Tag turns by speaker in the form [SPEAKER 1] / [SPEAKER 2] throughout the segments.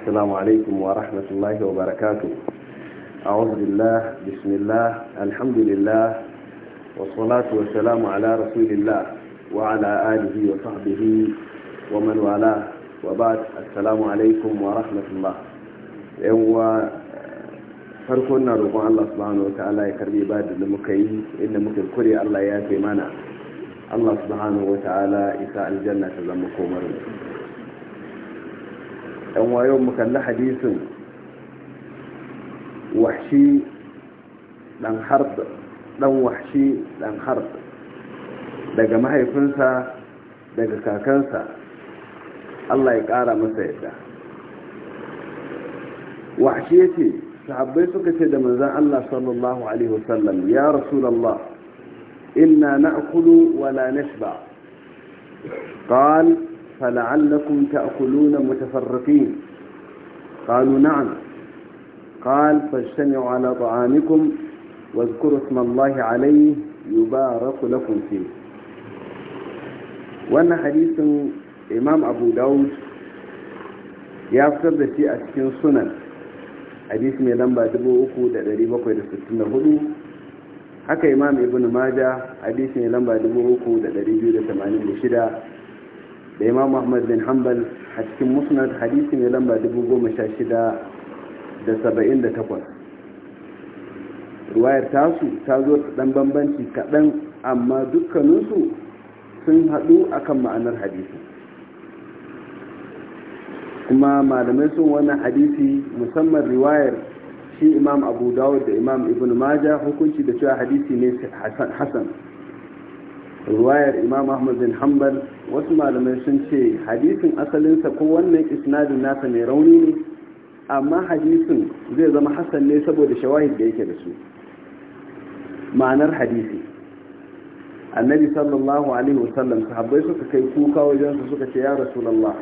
[SPEAKER 1] السلام عليكم ورحمة الله وبركاته أعوذ بالله بسم الله الحمد لله والصلاة والسلام على رسول الله وعلى آله وصحبه ومن والاه وبعد السلام عليكم ورحمة الله هو فرقنا رب الله سبحانه وتعالى يكرم عباد المكيه إن متذكر الله يا سيمانا الله سبحانه وتعالى إساء الجنة لما قومرون ɗan wayo mu kalli hadisin wahshi ɗan harb ɗan wahshi ɗan harb daga mahaifinsa daga kakansa Allah ya kara masa yadda wahshi yace sahabbai suka ce da manzon Allah sallallahu alaihi wasallam ya rasulallah inna na'kulu wala la nashba قال فلعلكم تأكلون متفرقين قالوا نعم قال فاجتمعوا على طعامكم واذكروا اسم الله عليه يبارك لكم فيه وانا حديث امام ابو داود ya fitar da shi a cikin sunan hadis mai lamba 3,764 haka imam ibn maja hadis mai lamba 3,286 da imam ahmad bin hanbal a cikin musnad hadisi mai lamba 1678 ruwayar tasu ta zo dan bambanci kaɗan amma dukkaninsu sun haɗu akan ma'anar hadisi kuma malamai sun wannan hadisi musamman riwayar shi imam abu dawud da imam ibn Maja, hukunci da cewa hadisi ne hasan ruwayar imam ahmad bin hanbal wasu malamai sun ce hadisin asalinsa ko wannan isnadin nasa mai rauni ne amma hadisin zai zama hassan ne saboda shawahid da yake da su ma'anar hadisi annabi sallallahu alaihi wasallam sahabbai suka kai kuka wajen su suka ce ya rasulullah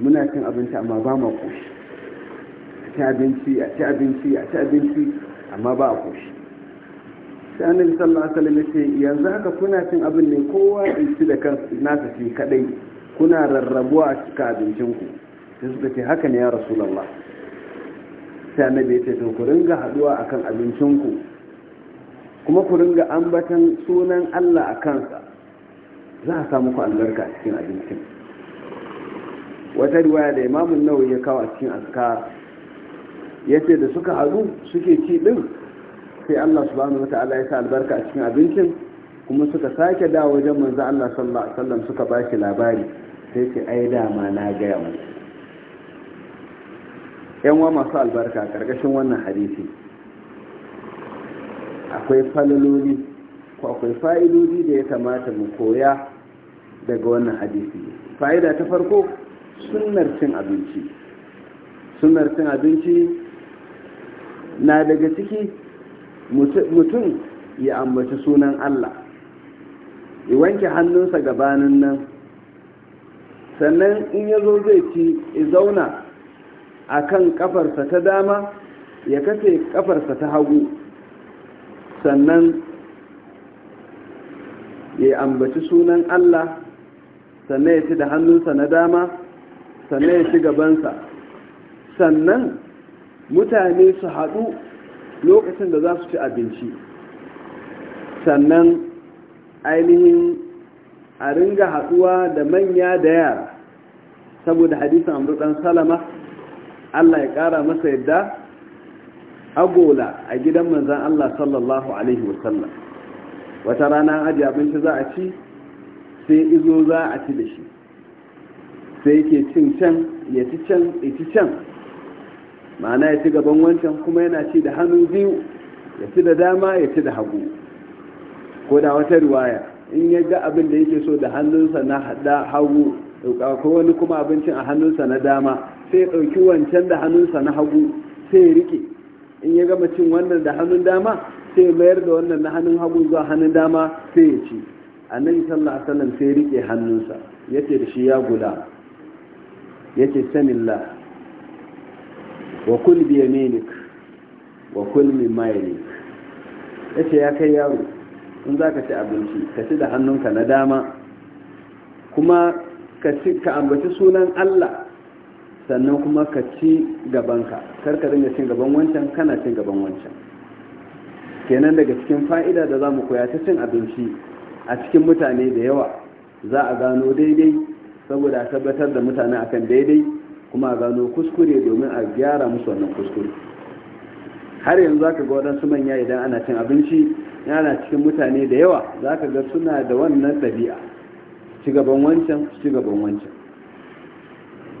[SPEAKER 1] muna cin abinci amma ba ma koshi a ci abinci a ci abinci a ci abinci amma ba a koshi sai annabi sallallahu alaihi wasallam yace yanzu haka kuna cin abin ne kowa in ci da kansa nasa shi kadai kuna rarrabuwa a cika abincin ku sai suka ce haka ne ya rasulullah sai annabi yace to ku ringa haduwa akan abincin ku kuma ku ringa ambatan sunan Allah a kansa za a samu ku albarka cikin abincin wata riwaya da imamun nawawi ya kawo a cikin azkar yace da suka haɗu suke ci din sai Allah subhanahu ta'ala ya sa albarka a cikin abincin kuma suka sake dawo wajen manzo Allah sallallahu alaihi wasallam suka ba shi labari sai ce ai dama na gaya mu yan wa masu albarka karkashin wannan hadisi akwai falaloli ko akwai fa'idodi da ya kamata mu koya daga wannan hadisi fa'ida ta farko sunnar cin abinci sunnar cin abinci na daga ciki mutum ya ambaci sunan Allah ya wanke hannunsa gabanin nan sannan in ya zo zai ci ya zauna a kan kafarsa ta dama ya kafe kafarsa ta hagu sannan ya ambaci sunan Allah sannan ya ci da hannunsa na dama sannan ya ci gabansa sannan mutane su haɗu lokacin da za su ci abinci sannan ainihin a ringa haɗuwa da manya da yara saboda hadisin amurkan salama allah ya ƙara masa yadda agola a gidan manzan allah sallallahu alaihi wasallam wata rana aji abinci za a ci sai izo za a ci da shi sai ke cin can ya ci can ya ci can ma'ana ya ci gaban wancan kuma yana ci da hannu biyu ya ci da dama ya ci da hagu ko da wata riwaya in ya ga abin da yake so da hannunsa na hagu ko wani kuma abincin a hannunsa na dama sai ya ɗauki wancan da hannunsa na hagu sai ya rike in ya gama cin wannan da hannun dama sai mayar da wannan na hannun hagu zuwa hannun dama sai ya ci annabi sallallahu alaihi wasallam sai ya rike hannunsa yace da shi ya gula yace sanillah wa kul bi yaminik wa kul min yalik yace ya kai yaro in zaka ci abinci ka ci da hannunka na dama kuma ka ci ka ambaci sunan Allah sannan kuma ka ci gabanka kar ka dinga cin gaban wancan kana cin gaban wancan kenan daga cikin fa'ida da zamu koya ta cin abinci a cikin mutane da yawa za a gano daidai saboda a tabbatar da mutane akan daidai kuma a gano kuskure domin a gyara musu wannan kuskure har yanzu za ka ga waɗansu manya idan ana cin abinci yana cikin mutane da yawa za ka ga suna da wannan ɗabi'a ci gaban wancan ci gaban wancan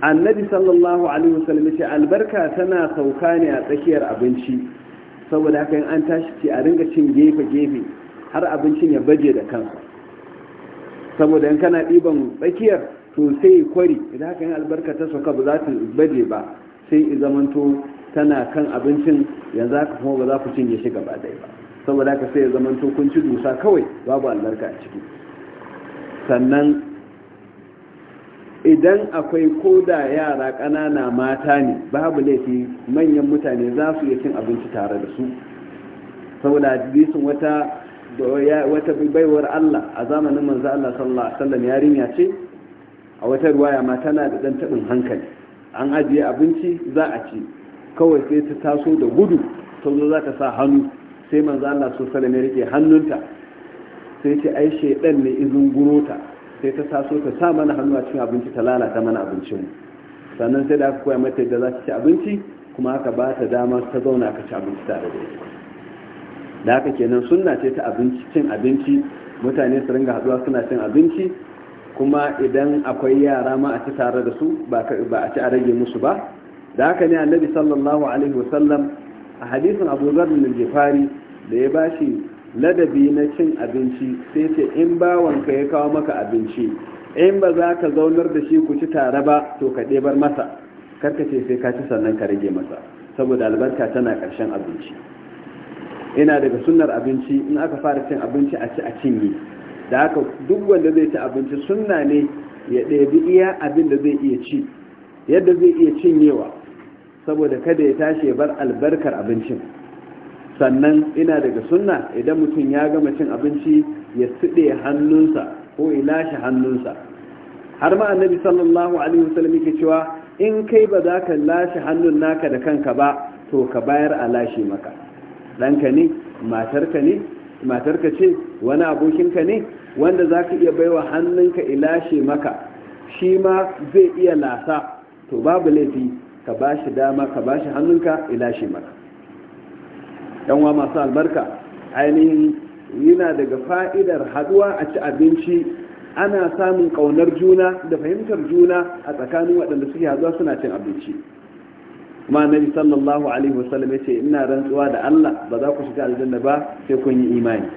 [SPEAKER 1] annabi sallallahu alaihi wasallam ce albarka tana sauka ne a tsakiyar abinci saboda haka yin an tashi ce a ringa cin gefe gefe har abincin ya baje da kansa saboda in kana ɗiban tsakiyar to sai kwari idan haka yi albarka ta sauka ba za ta baje ba sai i zamanto tana kan abincin yanzu haka kuma ba za ku cinye shi gaba ɗaya ba saboda haka sai ya zamanto kun ci dusa kawai babu albarka a ciki sannan idan akwai ko da yara ƙanana mata ne babu laifi manyan mutane za su iya cin abinci tare da su saboda hadisin wata wata baiwar Allah a zamanin manzo Allah sallallahu alaihi wasallam yarinya ce a wata ruwaya ma tana da dan tabin hankali an ajiye abinci za a ci kawai sai ta taso da gudu ta zo za ta sa hannu sai manzo Allah so ne rike hannunta sai ce ai shedan ne izin gurota sai ta taso ta sa mana hannu a cikin abinci ta lalata mana abincin sannan sai da aka koya mata yadda za ta ci abinci kuma aka ba ta dama ta zauna aka ci abinci tare da ita da haka kenan sunna ce ta abinci cin abinci mutane su ringa haɗuwa suna cin abinci kuma idan akwai yara ma a ci tare da su ba a ci a rage musu ba da haka ne annabi sallallahu alaihi wasallam a hadisin abu zarrin jefari da ya bashi ladabi na cin abinci sai ce in bawanka ya kawo maka abinci in ba za ka zaunar da shi ku ci tare ba to ka ɗebar masa karka ce sai ka ci sannan ka rage masa saboda albarka tana ƙarshen abinci ina daga sunnar abinci in aka fara cin abinci a ci a cinye da haka duk wanda zai ci abinci sunna ne ya ɗebi iya abin da zai iya ci yadda zai iya cinyewa saboda kada ya tashi ya bar albarkar abincin sannan ina daga sunna idan mutum ya gama cin abinci ya siɗe hannunsa ko ya lashe hannunsa har ma annabi sallallahu alaihi wasallam yake cewa in kai ba za ka lashe hannun naka da kanka ba to ka bayar a lashe maka ɗanka ne matarka ne matarka ce wani abokinka ne wanda za ka iya baiwa hannunka ilashe maka shi ma zai iya lasa to babu laifi ka ba shi dama ka ba shi hannunka ilashe maka yanwa masu albarka ainihin yana daga fa'idar haɗuwa a ci abinci ana samun ƙaunar juna da fahimtar juna a tsakanin waɗanda suke haduwa suna cin abinci kuma annabi sallallahu alaihi wasallam ya ce ina rantsuwa da Allah ba za ku shiga aljanna ba sai kun yi imani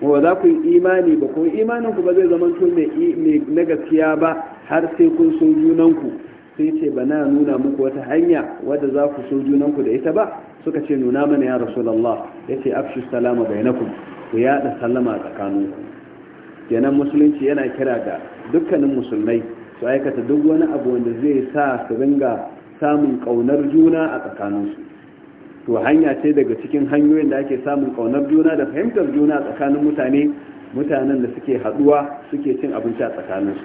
[SPEAKER 1] ko za ku yi imani ba ko imanin ku ba zai zama to mai na gaskiya ba har sai kun so junanku sai ce ba na nuna muku wata hanya wadda za ku so junanku da ita ba suka ce nuna mana ya rasulullah ya ce afshu salama bainakum ku yada sallama tsakaninku kenan musulunci yana kira ga dukkanin musulmai su aikata duk wani abu wanda zai sa su ringa samun ƙaunar juna a tsakaninsu to hanya ce daga cikin hanyoyin da ake samun ƙaunar juna da fahimtar juna a tsakanin mutane mutanen da suke haɗuwa suke cin abinci a tsakaninsu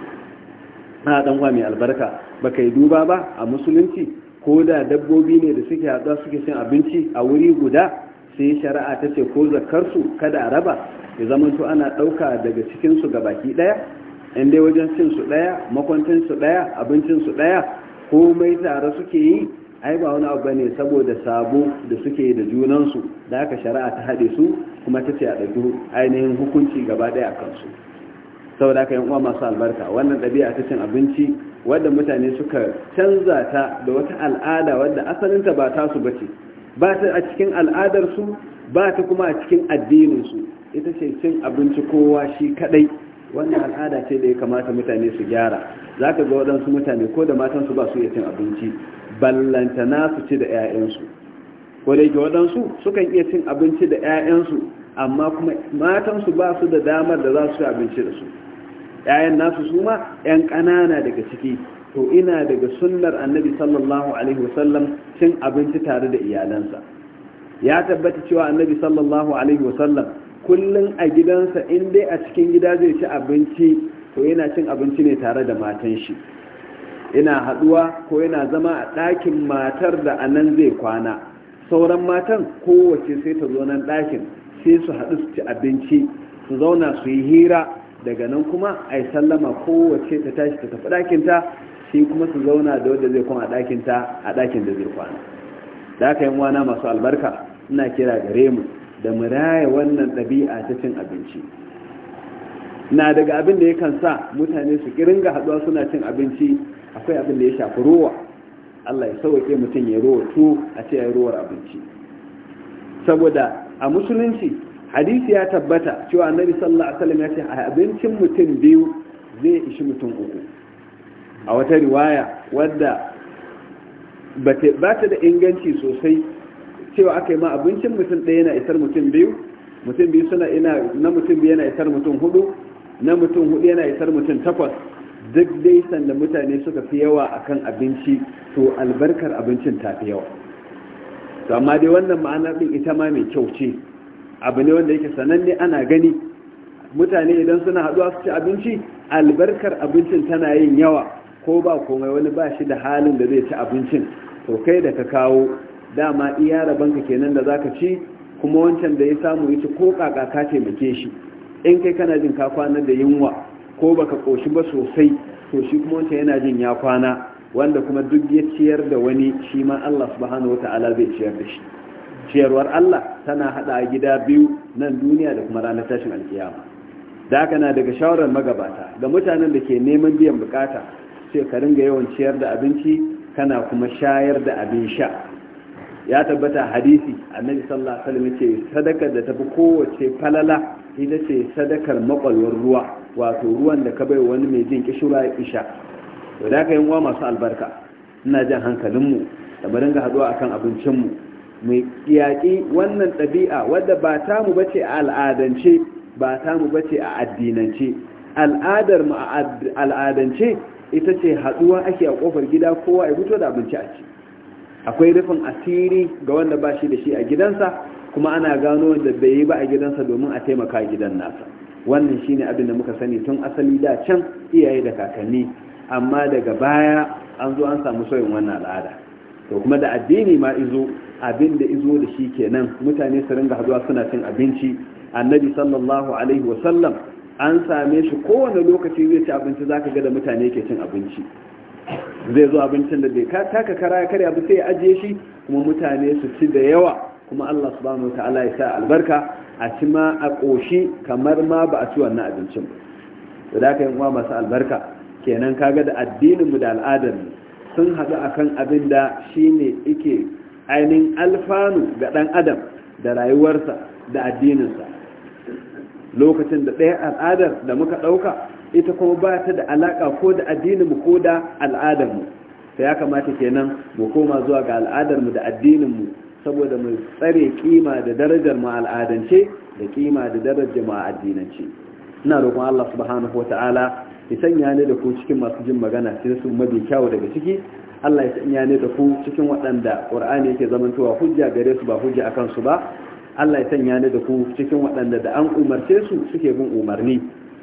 [SPEAKER 1] na ɗan wa mai albarka ba kai duba ba a musulunci ko da dabbobi ne da suke haɗuwa suke cin abinci a wuri guda sai shari'a ta ce ko zakarsu kada a raba ya zamanto ana ɗauka daga cikinsu ga baki ɗaya in dai wajen cin su ɗaya makwantin ɗaya abincin su ɗaya komai tare suke yi ai ba wani abu bane saboda sabo da suke da junansu da aka shari'a ta haɗe su kuma ta ce a ɗauki ainihin hukunci gaba ɗaya a kansu saboda haka yan uwa masu albarka wannan ɗabi'a ta cin abinci wadda mutane suka canza ta da wata al'ada wadda ta ba ta su bace ba ta a cikin al'adarsu ba ta kuma a cikin addinin su ita ce cin abinci kowa shi kaɗai wannan al'ada ce da ya kamata mutane su gyara za ka ga waɗansu mutane ko da matansu ba su iya cin abinci na su ci da 'ya'yansu ko da yake waɗansu sukan iya cin abinci da 'ya'yansu amma kuma matansu ba su da damar da za su ci abinci da su 'ya'yan nasu su ma 'yan ƙanana daga ciki to ina daga sunnar annabi sallallahu alaihi wasallam cin abinci tare da iyalansa ya tabbata cewa annabi sallallahu alaihi wasallam kullum a gidansa in dai a cikin gida zai ci abinci to yana cin abinci ne tare da matan shi yana haduwa ko yana zama a ɗakin matar da a nan zai kwana sauran matan kowace sai ta zo nan ɗakin sai su haɗu su ci abinci su zauna su yi hira daga nan kuma a yi sallama kowace ta tashi ta tafi ɗakinta shi kuma su zauna da wadda zai kwana ɗakinta a ɗakin da zai kwana da aka yi wana masu albarka ina kira gare mu da muraya wannan ɗabi'a ta cin abinci na daga abin da yakan sa mutane su ƙiringa haɗuwa suna cin abinci akwai abin da ya shafi rowa Allah ya sauke mutum ya rowa to a ce ya rowar abinci saboda a musulunci hadisi ya tabbata cewa annabi sallallahu alaihi wasallam ya ce a abincin mutum biyu zai ishi mutum uku a wata riwaya wadda ba ta da inganci sosai cewa aka yi ma abincin mutum ɗaya yana isar mutum biyu mutum biyu suna ina na mutum biyu yana isar mutum hudu na mutum hudu yana isar mutum takwas duk dai sanda mutane suka fi yawa akan abinci to albarkar abincin ta fi yawa to amma dai wannan ma'anar ɗin ita ma mai kyau ce abu ne wanda yake sananne ana gani mutane idan suna haɗuwa su ci abinci albarkar abincin tana yin yawa ko ba komai wani ba shi da halin da zai ci abincin to kai da ka kawo dama iya rabanka kenan da zaka ci kuma wancan da ya samu ya ko kaka ka taimake shi in kai kana jin ka kwana da yunwa ko baka koshi ba sosai to shi kuma wancan yana jin ya kwana wanda kuma duk ya ciyar da wani shi ma Allah subhanahu wata'ala zai ciyar da shi ciyarwar Allah tana hada gida biyu nan duniya da kuma ranar tashin alkiyama da haka na daga shawarar magabata ga mutanen da ke neman biyan bukata sai ka ringa yawan ciyar da abinci kana kuma shayar da abin sha ya tabbata hadisi annabi sallallahu alaihi wasallam yace sadakar da tafi kowace falala ita ce sadakar makwalwar ruwa wato ruwan da ka bai wani mai jin kishura ya isha to da ka yi wa masu albarka ina jan hankalinmu da mu dinga haduwa akan abincinmu mu kiyaki wannan ɗabi'a wadda ba ta mu bace a al'adance ba ta mu bace a addinance al'adar mu a al'adance ita ce haduwa ake a kofar gida kowa ya fito da abinci a ci akwai rufin asiri ga wanda ba shi da shi a gidansa kuma ana gano wanda bai yi ba a gidansa domin a taimaka gidan nasa wannan shine abin da muka sani tun asali da can iyaye da kakanni amma daga baya an zo an samu sauyin wannan al'ada to kuma da addini ma izo abin da izo da shi kenan mutane su ringa haduwa suna cin abinci annabi sallallahu alaihi wasallam an same shi kowane lokaci zai ci abinci zaka ga da mutane ke cin abinci zai zo abincin da bai taka kara ya karya ba sai ya ajiye shi kuma mutane su ci da yawa kuma Allah subhanahu ta'ala ya sa albarka a ci ma a koshi kamar ma ba a ci wannan abincin ba da aka yi uwa masu albarka kenan kaga da addinin mu da al'adar mu sun haɗu akan abin da shine yake ainihin alfanu ga ɗan adam da rayuwarsa da addininsa lokacin da ɗaya al'adar da muka ɗauka ita kuma ba ta da alaka ko da addininmu ko da al'adarmu ta ya kamata kenan mu koma zuwa ga al'adarmu da addinin mu saboda mu tsare kima da darajar mu al'adance da kima da darajar mu addinance ina roƙon Allah subhanahu wataala ya sanya ni da ku cikin masu jin magana sai su mabi kyawu daga ciki Allah ya sanya ni da ku cikin waɗanda Qur'ani yake zamantowa hujja gare su ba hujja akan su ba Allah ya sanya ni da ku cikin waɗanda da an umarce su suke bin umarni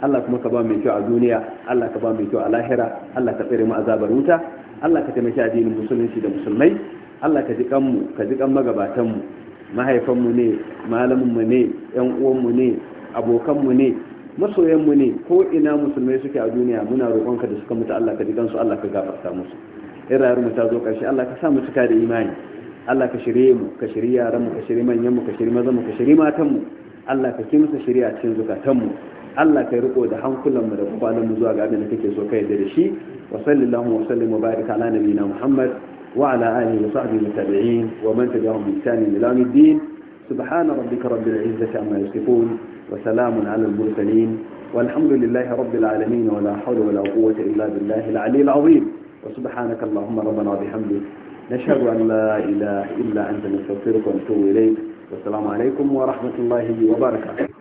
[SPEAKER 1] Allah kuma ka ba mai kyau a duniya Allah ka ba mai kyau a lahira Allah ka tsare mu azabar wuta Allah ka taimaki addinin musulunci da musulmai Allah ka ji kanmu ka ji kan magabatan mu mahaifan mu ne malamin mu ne yan uwan mu ne abokan mu ne masoyan mu ne ko ina musulmai suke a duniya muna roƙonka da suka mutu Allah ka ji kansu Allah ka gafarta musu in rayuwar mu ta zo ƙarshe Allah ka sa mu cika da imani Allah ka shirye mu ka shirye yaran mu ka shirye manyan mu ka shirye mazan mu ka shirye matan mu Allah ka kimsa shirya cikin zukatan mu Allah kai riko da hankulanmu da kwanan zuwa ga abin da kake so kai da shi wa sallallahu wa sallim wa barika ala nabiyina Muhammad wa ala alihi wa sahbihi tabi'in الدين سبحان ربك رب العزة عما يصفون وسلام على المرسلين والحمد لله رب العالمين ولا حول ولا قوة إلا بالله العلي العظيم وسبحانك اللهم ربنا بحمدك نشهد أن لا إله إلا أنت نستغفرك ونتوب إليك والسلام عليكم ورحمة الله وبركاته